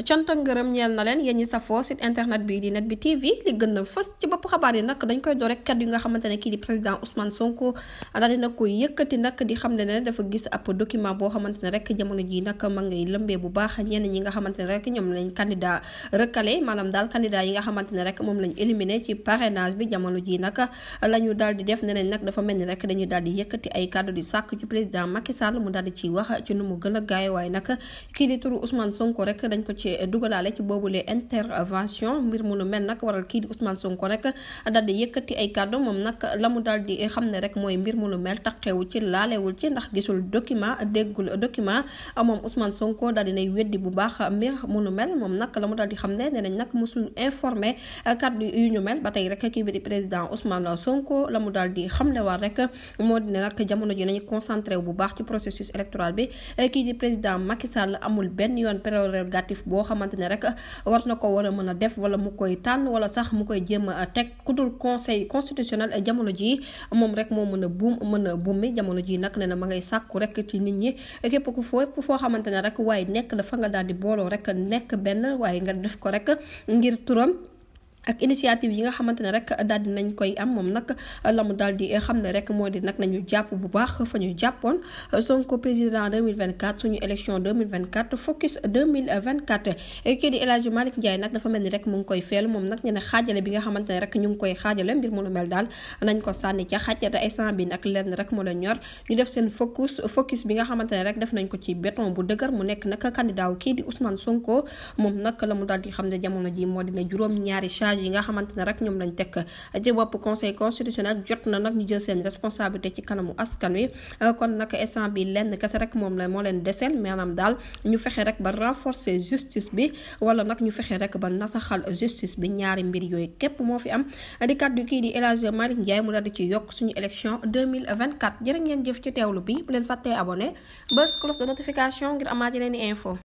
cant ak ngërëm ñeel na leen yéen ñi safoo site internet bi di net bi TV li gën a fës ci bopp xabaar yi nag dañ rek kaddu yi nga xamante ne kii di président Ousmane Sonko daal dina koy xam ne ne rek jamono ji nag ma ngay lëmbee bu baax ñenn ñi nga xamante rek moom lañ éliminé ci parrainage bi ji nag la ñu di def ne nañ nag dafa mel ni rek dañuy daal di yëkkati ay kaddu di sàkk ci président Macky Sall mu daal di ciy wax ci nu mu gën a gaayo waaye nag kii di turu Ousmane Sonko rek dañ ko ci dugalaale ci boobule intervention mbir mu nu mel nag waral kii di Ousmane Sonko rek daal di yëkkati ay kàddu moom nag la mu daal di xam ne rek mooy mbir mu nu mel taqeewu ci laalewul ci ndax gisul document déggul document moom Ousmane Sonko daal di nay weddi bu baax mbir mu nu moom nag la mu daal di xam ne nee nañ nag mosul informé kàddu yu ñu mel ba tey rek kii bi di président Ousmane Sonko la mu daal di xamlewaat rek moo di ne jamono ji nañu concentré wu bu baax ci processus électoral bi kii di président Macky Sall amul benn yoon prérogative boo xamante ne rek war na ko war a mën a def wala mu koy tànn wala sax mu koy jéem a teg ku dul conseil constitutionnel jamono jii moom rek moo mën a buum mën a buumi jamono jii nag nee na ma ngay sàkku rek ci nit ñi képp ku foo foo xamante ne rek waaye nekk dafa nga daal di booloo rek nekk benn waaye nga def ko rek ngir turam. ak initiative yi nga xamante ne rek daal di nañ koy am moom nag la mu daal di xam ne rek moo di nag nañu jàpp bu baax fa ñu jàppoon Sonko président 2024 suñu élection 2024 focus 2024 kii di El Hadji Malick Ndiaye dafa mel ni rek mu ngi koy feel moom nag ñu ne xaajale ne rek ñu ngi koy xaajale mbir ko sànni ca xajjate ay sant bi nag lenn la ñor ñu def seen focus focus bi nga xamante ne rek def nañ ko ci béton bu dëgër mu nekk nag candidat wu kii di Ousmane Sonko moom nag la mu daal di xam ne jamono ji moo dina juróom ñaari parrainage yi nga rek ñoom lañ teg ci bopp conseil constitutionnel na nag ñu jël seen responsabilité kon nag instant bi lenn kese rek moom la moo leen deseel maanaam daal ñu fexe rek ba renforcer justice bi wala nag ñu fexe rek ba nasaxal justice bi ñaari mbir yooyu képp moo fi am di kàddu kii di El Hadji Malick mu daal ci yokk suñu élection 2024 jërë ngeen jëf ci teewlu bi bu leen fàttee abonné bés cloche de notification ngir amaat yeneen i info